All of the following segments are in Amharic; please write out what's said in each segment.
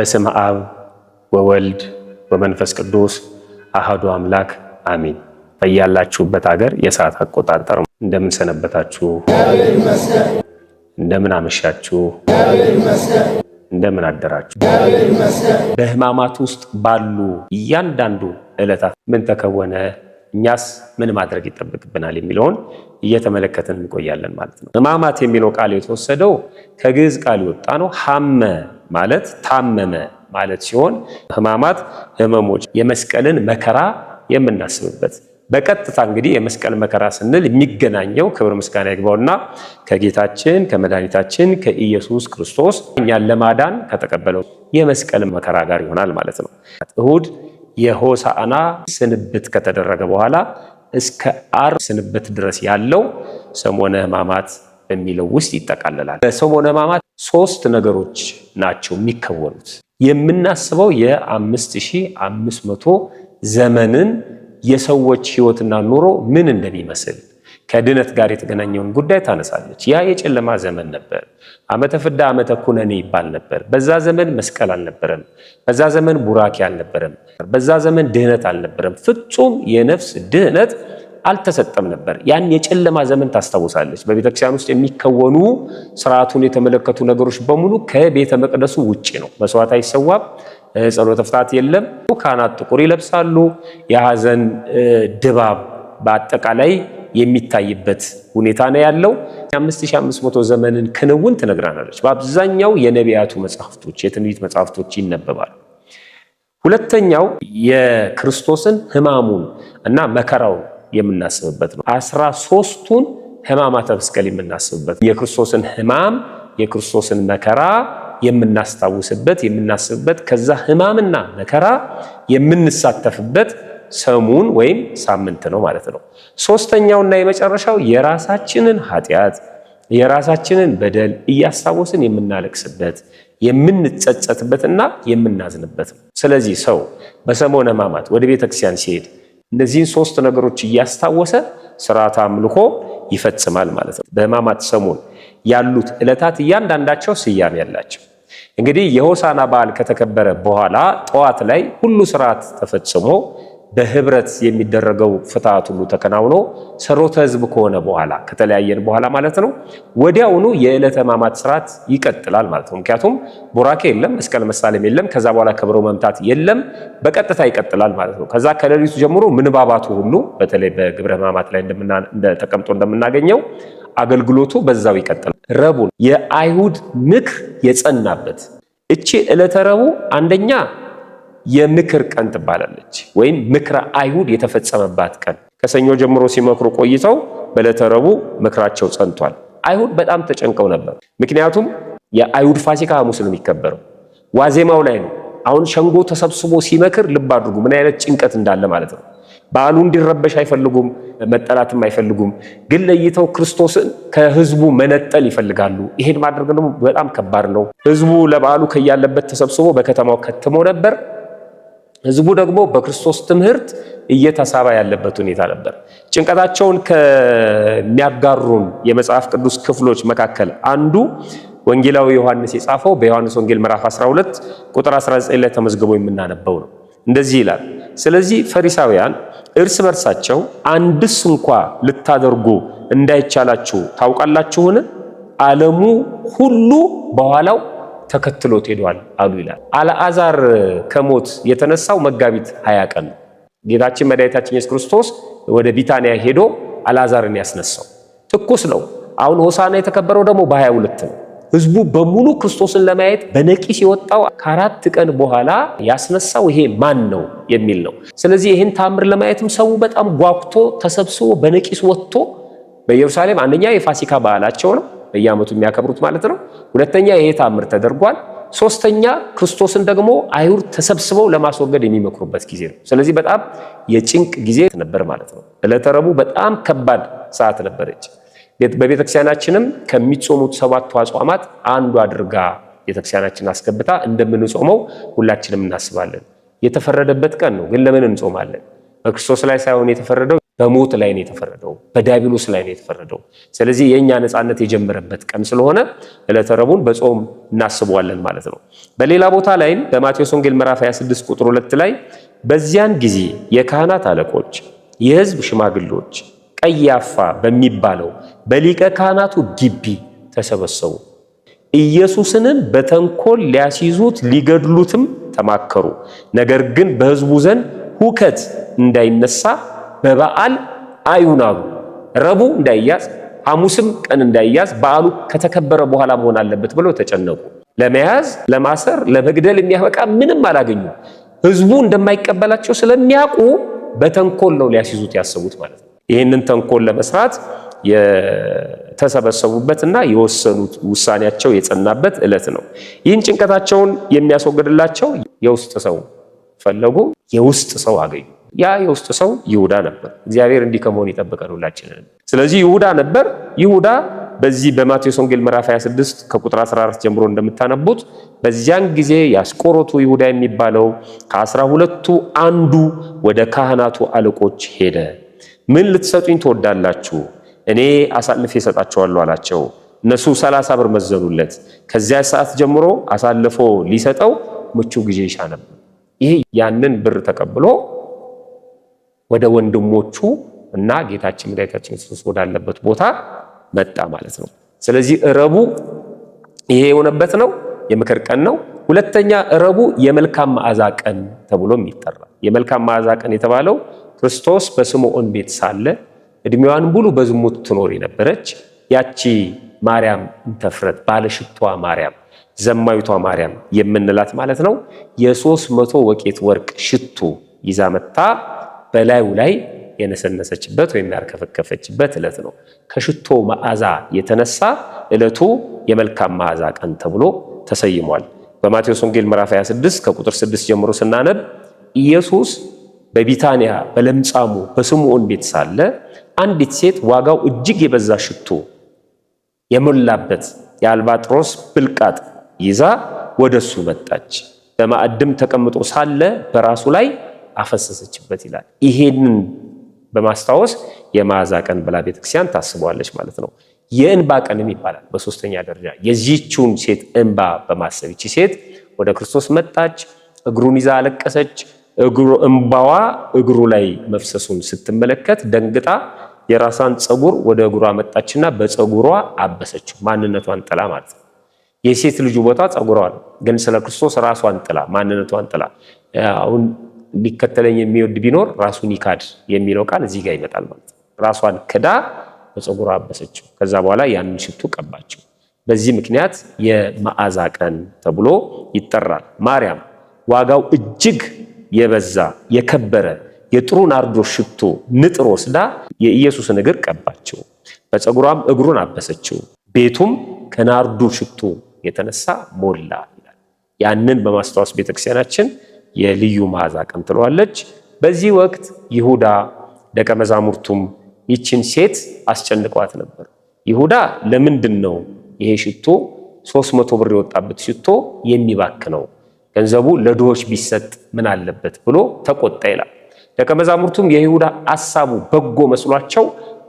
በስም አብ ወወልድ ወመንፈስ ቅዱስ አህዱ አምላክ አሚን። በያላችሁበት ሀገር የሰዓት አቆጣጠር እንደምን ሰነበታችሁ? እንደምን አመሻችሁ? እንደምን አደራችሁ? በህማማት ውስጥ ባሉ እያንዳንዱ ዕለታት ምን ተከወነ፣ እኛስ ምን ማድረግ ይጠበቅብናል የሚለውን እየተመለከትን እንቆያለን ማለት ነው። ህማማት የሚለው ቃል የተወሰደው ከግዕዝ ቃል የወጣ ነው ሐመ ማለት ታመመ ማለት ሲሆን ህማማት፣ ህመሞች የመስቀልን መከራ የምናስብበት በቀጥታ እንግዲህ የመስቀል መከራ ስንል የሚገናኘው ክብር ምስጋና ይግባውና ከጌታችን ከመድኃኒታችን ከኢየሱስ ክርስቶስ እኛን ለማዳን ከተቀበለው የመስቀል መከራ ጋር ይሆናል ማለት ነው። እሁድ የሆሳዕና ስንብት ከተደረገ በኋላ እስከ ዓርብ ስንብት ድረስ ያለው ሰሞነ ህማማት በሚለው ውስጥ ይጠቃልላል። በሰሞነ ሶስት ነገሮች ናቸው የሚከወኑት። የምናስበው የ5500 ዘመንን የሰዎች ህይወትና ኑሮ ምን እንደሚመስል ከድነት ጋር የተገናኘውን ጉዳይ ታነሳለች። ያ የጨለማ ዘመን ነበር። ዓመተ ፍዳ ዓመተ ኩነኔ ይባል ነበር። በዛ ዘመን መስቀል አልነበረም። በዛ ዘመን ቡራኬ አልነበረም። በዛ ዘመን ድህነት አልነበረም። ፍጹም የነፍስ ድህነት አልተሰጠም ነበር። ያን የጨለማ ዘመን ታስታውሳለች። በቤተክርስቲያን ውስጥ የሚከወኑ ስርዓቱን የተመለከቱ ነገሮች በሙሉ ከቤተ መቅደሱ ውጭ ነው። መስዋዕት አይሰዋም፣ ጸሎተ ፍታት የለም። ካህናት ጥቁር ይለብሳሉ። የሐዘን ድባብ በአጠቃላይ የሚታይበት ሁኔታ ነው ያለው። 5500 ዘመንን ክንውን ትነግራናለች። በአብዛኛው የነቢያቱ መጽሐፍቶች፣ የትንቢት መጽሐፍቶች ይነበባሉ። ሁለተኛው የክርስቶስን ሕማሙን እና መከራውን የምናስብበት ነው። አስራ ሶስቱን ህማማተ መስቀል የምናስብበት የክርስቶስን ህማም የክርስቶስን መከራ የምናስታውስበት የምናስብበት ከዛ ህማምና መከራ የምንሳተፍበት ሰሙን ወይም ሳምንት ነው ማለት ነው። ሶስተኛውና የመጨረሻው የራሳችንን ኃጢአት የራሳችንን በደል እያስታወስን የምናለቅስበት የምንጸጸትበትና የምናዝንበት ነው። ስለዚህ ሰው በሰሞነ ህማማት ወደ ቤተክርስቲያን ሲሄድ እነዚህን ሶስት ነገሮች እያስታወሰ ስርዓተ አምልኮ ይፈጽማል ማለት ነው። በሕማማት ሰሙን ያሉት ዕለታት እያንዳንዳቸው ስያሜ ያላቸው እንግዲህ የሆሳና በዓል ከተከበረ በኋላ ጠዋት ላይ ሁሉ ስርዓት ተፈጽሞ በህብረት የሚደረገው ፍትሐት ሁሉ ተከናውኖ ሰሮተ ህዝብ ከሆነ በኋላ ከተለያየን በኋላ ማለት ነው ወዲያውኑ የዕለተ ሕማማት ስርዓት ይቀጥላል ማለት ነው። ምክንያቱም ቡራኬ የለም፣ መስቀል መሳለም የለም፣ ከዛ በኋላ ከብሮ መምታት የለም፣ በቀጥታ ይቀጥላል ማለት ነው። ከዛ ከሌሊቱ ጀምሮ ምንባባቱ ሁሉ በተለይ በግብረ ሕማማት ላይ ተቀምጦ እንደምናገኘው አገልግሎቱ በዛው ይቀጥላል። ረቡን የአይሁድ ምክር የጸናበት እቺ ዕለተ ረቡ አንደኛ የምክር ቀን ትባላለች፣ ወይም ምክረ አይሁድ የተፈጸመባት ቀን። ከሰኞ ጀምሮ ሲመክሩ ቆይተው በዕለተ ረቡዕ ምክራቸው ጸንቷል። አይሁድ በጣም ተጨንቀው ነበር። ምክንያቱም የአይሁድ ፋሲካ ሐሙስ ነው የሚከበረው፣ ዋዜማው ላይ ነው። አሁን ሸንጎ ተሰብስቦ ሲመክር ልብ አድርጉ ምን አይነት ጭንቀት እንዳለ ማለት ነው። በዓሉ እንዲረበሽ አይፈልጉም፣ መጠላትም አይፈልጉም። ግን ለይተው ክርስቶስን ከህዝቡ መነጠል ይፈልጋሉ። ይሄን ማድረግ ደግሞ በጣም ከባድ ነው። ህዝቡ ለበዓሉ ከያለበት ተሰብስቦ በከተማው ከትሞ ነበር። ህዝቡ ደግሞ በክርስቶስ ትምህርት እየተሳባ ያለበት ሁኔታ ነበር። ጭንቀታቸውን ከሚያጋሩን የመጽሐፍ ቅዱስ ክፍሎች መካከል አንዱ ወንጌላዊ ዮሐንስ የጻፈው በዮሐንስ ወንጌል ምዕራፍ 12 ቁጥር 19 ላይ ተመዝግቦ የምናነበው ነው። እንደዚህ ይላል፣ ስለዚህ ፈሪሳውያን እርስ በርሳቸው አንድስ እንኳ ልታደርጉ እንዳይቻላችሁ ታውቃላችሁን? ዓለሙ ሁሉ በኋላው ተከትሎት ሄዷል አሉ ይላል። አልዓዛር ከሞት የተነሳው መጋቢት ሀያ ቀን ነው። ጌታችን መድኃኒታችን ኢየሱስ ክርስቶስ ወደ ቢታንያ ሄዶ አልዓዛርን ያስነሳው ትኩስ ነው። አሁን ሆሳና የተከበረው ደግሞ በሀያ ሁለት ነው። ህዝቡ በሙሉ ክርስቶስን ለማየት በነቂስ የወጣው ከአራት ቀን በኋላ ያስነሳው ይሄ ማን ነው የሚል ነው። ስለዚህ ይህን ታምር ለማየትም ሰው በጣም ጓጉቶ ተሰብስቦ በነቂስ ወጥቶ በኢየሩሳሌም አንደኛ የፋሲካ በዓላቸው ነው በየዓመቱ የሚያከብሩት ማለት ነው። ሁለተኛ ይሄ ታምር ተደርጓል። ሶስተኛ ክርስቶስን ደግሞ አይሁድ ተሰብስበው ለማስወገድ የሚመክሩበት ጊዜ ነው። ስለዚህ በጣም የጭንቅ ጊዜ ነበር ማለት ነው። ዕለተ ረቡዕ በጣም ከባድ ሰዓት ነበረች። በቤተክርስቲያናችንም ከሚጾሙት ሰባቱ አጽዋማት አንዱ አድርጋ ቤተክርስቲያናችን አስገብታ እንደምንጾመው ሁላችንም እናስባለን። የተፈረደበት ቀን ነው። ግን ለምን እንጾማለን? በክርስቶስ ላይ ሳይሆን የተፈረደው በሞት ላይ ነው የተፈረደው፣ በዲያብሎስ ላይ ነው የተፈረደው። ስለዚህ የእኛ ነፃነት የጀመረበት ቀን ስለሆነ ዕለተ ረቡዕን በጾም እናስበዋለን ማለት ነው። በሌላ ቦታ ላይም በማቴዎስ ወንጌል ምዕራፍ 26 ቁጥር 2 ላይ በዚያን ጊዜ የካህናት አለቆች፣ የህዝብ ሽማግሌዎች ቀያፋ በሚባለው በሊቀ ካህናቱ ግቢ ተሰበሰቡ። ኢየሱስንም በተንኮል ሊያስይዙት ሊገድሉትም ተማከሩ። ነገር ግን በህዝቡ ዘንድ ሁከት እንዳይነሳ በበዓል አዩናሩ ረቡዕ እንዳይያዝ ሐሙስም ቀን እንዳይያዝ በዓሉ ከተከበረ በኋላ መሆን አለበት ብለው ተጨነቁ። ለመያዝ ለማሰር፣ ለመግደል የሚያበቃ ምንም አላገኙም። ህዝቡ እንደማይቀበላቸው ስለሚያውቁ በተንኮል ነው ሊያስይዙት ያሰቡት ማለት ነው። ይህንን ተንኮል ለመስራት የተሰበሰቡበትና የወሰኑት ውሳኔያቸው የጸናበት ዕለት ነው። ይህን ጭንቀታቸውን የሚያስወግድላቸው የውስጥ ሰው ፈለጉ። የውስጥ ሰው አገኙ። ያ የውስጥ ሰው ይሁዳ ነበር። እግዚአብሔር እንዲህ ከመሆን ይጠብቀን ሁላችንን። ስለዚህ ይሁዳ ነበር። ይሁዳ በዚህ በማቴዎስ ወንጌል ምዕራፍ 26 ከቁጥር 14 ጀምሮ እንደምታነቡት በዚያን ጊዜ ያስቆሮቱ ይሁዳ የሚባለው ከአስራ ሁለቱ አንዱ ወደ ካህናቱ አለቆች ሄደ። ምን ልትሰጡኝ ትወዳላችሁ? እኔ አሳልፌ እሰጣቸዋለሁ አላቸው። እነሱ ሰላሳ ብር መዘኑለት። ከዚያ ሰዓት ጀምሮ አሳልፎ ሊሰጠው ምቹ ጊዜ ይሻ ነበር። ይህ ያንን ብር ተቀብሎ ወደ ወንድሞቹ እና ጌታችን መድኃኒታችን ኢየሱስ ወዳለበት ቦታ መጣ ማለት ነው። ስለዚህ ረቡ ይሄ የሆነበት ነው፣ የምክር ቀን ነው። ሁለተኛ ረቡ የመልካም መዓዛ ቀን ተብሎም ይጠራል። የመልካም መዓዛ ቀን የተባለው ክርስቶስ በስምዖን ቤት ሳለ እድሜዋን ሙሉ በዝሙት ትኖር የነበረች ያቺ ማርያም እንተፍረት ባለሽቷ ማርያም ዘማዊቷ ማርያም የምንላት ማለት ነው። የሦስት መቶ ወቄት ወርቅ ሽቱ ይዛ መጣ። በላዩ ላይ የነሰነሰችበት ወይም ያርከፈከፈችበት ዕለት ነው። ከሽቶ መዓዛ የተነሳ ዕለቱ የመልካም መዓዛ ቀን ተብሎ ተሰይሟል። በማቴዎስ ወንጌል ምዕራፍ 26 ከቁጥር 6 ጀምሮ ስናነብ ኢየሱስ በቢታንያ በለምጻሙ በስምዖን ቤት ሳለ አንዲት ሴት ዋጋው እጅግ የበዛ ሽቶ የሞላበት የአልባጥሮስ ብልቃጥ ይዛ ወደሱ መጣች። በማዕድም ተቀምጦ ሳለ በራሱ ላይ አፈሰሰችበት ይላል። ይሄንን በማስታወስ የመዓዛ ቀን ብላ ቤተክርስቲያን ታስበዋለች ማለት ነው። የእንባ ቀንም ይባላል። በሶስተኛ ደረጃ የዚህችን ሴት እንባ በማሰብ ይቺ ሴት ወደ ክርስቶስ መጣች፣ እግሩን ይዛ አለቀሰች። እንባዋ እግሩ ላይ መፍሰሱን ስትመለከት ደንግጣ የራሷን ፀጉር ወደ እግሯ መጣችና በፀጉሯ አበሰችው። ማንነቷን ጥላ ማለት ነው። የሴት ልጁ ቦታ ፀጉሯ ነው፣ ግን ስለ ክርስቶስ ራሷን ጥላ ማንነቷን ጥላ አሁን ሊከተለኝ የሚወድ ቢኖር ራሱን ይካድ የሚለው ቃል እዚህ ጋር ይመጣል ማለት ነው። ራሷን ክዳ በፀጉሯ አበሰችው። ከዛ በኋላ ያንን ሽቱ ቀባቸው። በዚህ ምክንያት የመዓዛ ቀን ተብሎ ይጠራል። ማርያም ዋጋው እጅግ የበዛ የከበረ የጥሩ ናርዶ ሽቶ ንጥር ወስዳ የኢየሱስን እግር ቀባቸው፣ በፀጉሯም እግሩን አበሰችው። ቤቱም ከናርዱ ሽቶ የተነሳ ሞላ ይላል። ያንን በማስታወስ ቤተክርስቲያናችን የልዩ መዓዛ ቀን ትለዋለች። በዚህ ወቅት ይሁዳ ደቀ መዛሙርቱም ይችን ሴት አስጨንቋት ነበር። ይሁዳ ለምንድን ነው ይሄ ሽቶ ሶስት መቶ ብር የወጣበት ሽቶ የሚባክ ነው? ገንዘቡ ለድሆች ቢሰጥ ምን አለበት ብሎ ተቆጣ ይላል። ደቀ መዛሙርቱም የይሁዳ አሳቡ በጎ መስሏቸው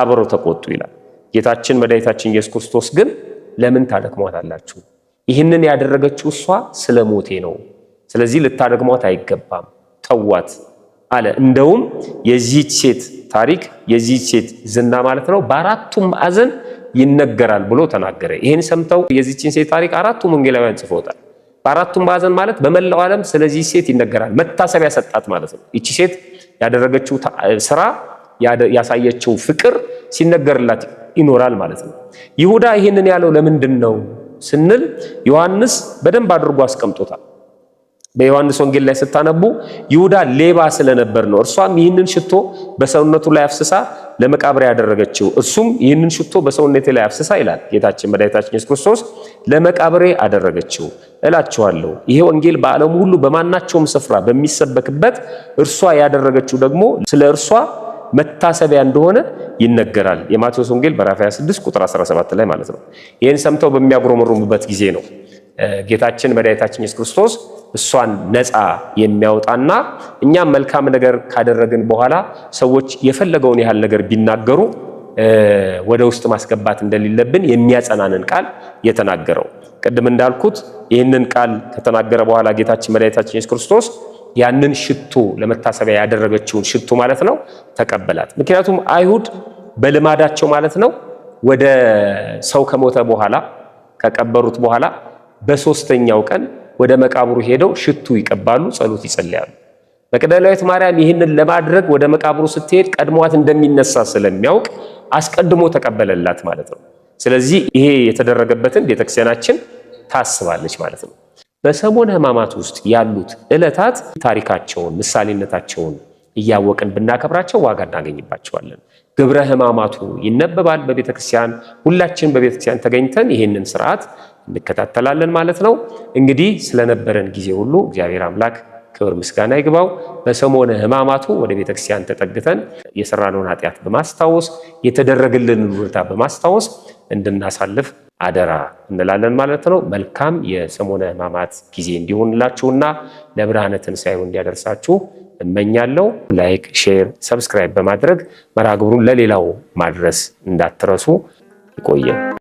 አብረው ተቆጡ ይላል። ጌታችን መድኃኒታችን ኢየሱስ ክርስቶስ ግን ለምን ታደክሟታላችሁ? ይህንን ያደረገችው እሷ ስለ ሞቴ ነው ስለዚህ ልታደግሟት አይገባም፣ ተዋት አለ። እንደውም የዚህች ሴት ታሪክ የዚህች ሴት ዝና ማለት ነው በአራቱም ማዕዘን ይነገራል ብሎ ተናገረ። ይህን ሰምተው የዚችን ሴት ታሪክ አራቱም ወንጌላውያን ጽፎታል። በአራቱም ማዕዘን ማለት በመላው ዓለም ስለዚህ ሴት ይነገራል። መታሰቢያ ሰጣት ማለት ነው። ይቺ ሴት ያደረገችው ስራ ያሳየችው ፍቅር ሲነገርላት ይኖራል ማለት ነው። ይሁዳ ይህንን ያለው ለምንድን ነው ስንል ዮሐንስ በደንብ አድርጎ አስቀምጦታል። በዮሐንስ ወንጌል ላይ ስታነቡ ይሁዳ ሌባ ስለነበር ነው። እርሷም ይህንን ሽቶ በሰውነቱ ላይ አፍስሳ ለመቃብር ያደረገችው፣ እርሱም ይህንን ሽቶ በሰውነት ላይ አፍስሳ ይላል ጌታችን መድኃኒታችን ኢየሱስ ክርስቶስ ለመቃብሬ አደረገችው እላችኋለሁ። ይሄ ወንጌል በዓለም ሁሉ በማናቸውም ስፍራ በሚሰበክበት እርሷ ያደረገችው ደግሞ ስለ እርሷ መታሰቢያ እንደሆነ ይነገራል። የማቴዎስ ወንጌል ምዕራፍ 26 ቁጥር 17 ላይ ማለት ነው። ይህን ሰምተው በሚያጉረመርሙበት ጊዜ ነው ጌታችን መድኃኒታችን ኢየሱስ ክርስቶስ እሷን ነፃ የሚያወጣና እኛም መልካም ነገር ካደረግን በኋላ ሰዎች የፈለገውን ያህል ነገር ቢናገሩ ወደ ውስጥ ማስገባት እንደሌለብን የሚያጸናንን ቃል የተናገረው። ቅድም እንዳልኩት ይህንን ቃል ከተናገረ በኋላ ጌታችን መድኃኒታችን ኢየሱስ ክርስቶስ ያንን ሽቱ ለመታሰቢያ ያደረገችውን ሽቱ ማለት ነው ተቀበላት። ምክንያቱም አይሁድ በልማዳቸው ማለት ነው ወደ ሰው ከሞተ በኋላ ከቀበሩት በኋላ በሶስተኛው ቀን ወደ መቃብሩ ሄደው ሽቱ ይቀባሉ፣ ጸሎት ይጸልያሉ። መቅደላዊት ማርያም ይህንን ለማድረግ ወደ መቃብሩ ስትሄድ ቀድሟት እንደሚነሳ ስለሚያውቅ አስቀድሞ ተቀበለላት ማለት ነው። ስለዚህ ይሄ የተደረገበትን ቤተክርስቲያናችን ታስባለች ማለት ነው። በሰሞነ ሕማማት ውስጥ ያሉት ዕለታት ታሪካቸውን ምሳሌነታቸውን እያወቅን ብናከብራቸው ዋጋ እናገኝባቸዋለን። ግብረ ሕማማቱ ይነበባል በቤተክርስቲያን። ሁላችን በቤተክርስቲያን ተገኝተን ይህንን ስርዓት እንከታተላለን ማለት ነው። እንግዲህ ስለነበረን ጊዜ ሁሉ እግዚአብሔር አምላክ ክብር ምስጋና ይግባው። በሰሞነ ሕማማቱ ወደ ቤተክርስቲያን ተጠግተን የሰራነውን ኃጢአት በማስታወስ የተደረገልን ውለታ በማስታወስ እንድናሳልፍ አደራ እንላለን ማለት ነው። መልካም የሰሞነ ሕማማት ጊዜ እንዲሆንላችሁና ለብርሃነ ትንሣኤው እንዲያደርሳችሁ እመኛለሁ። ላይክ፣ ሼር፣ ሰብስክራይብ በማድረግ መራግብሩን ግብሩን ለሌላው ማድረስ እንዳትረሱ። ይቆየ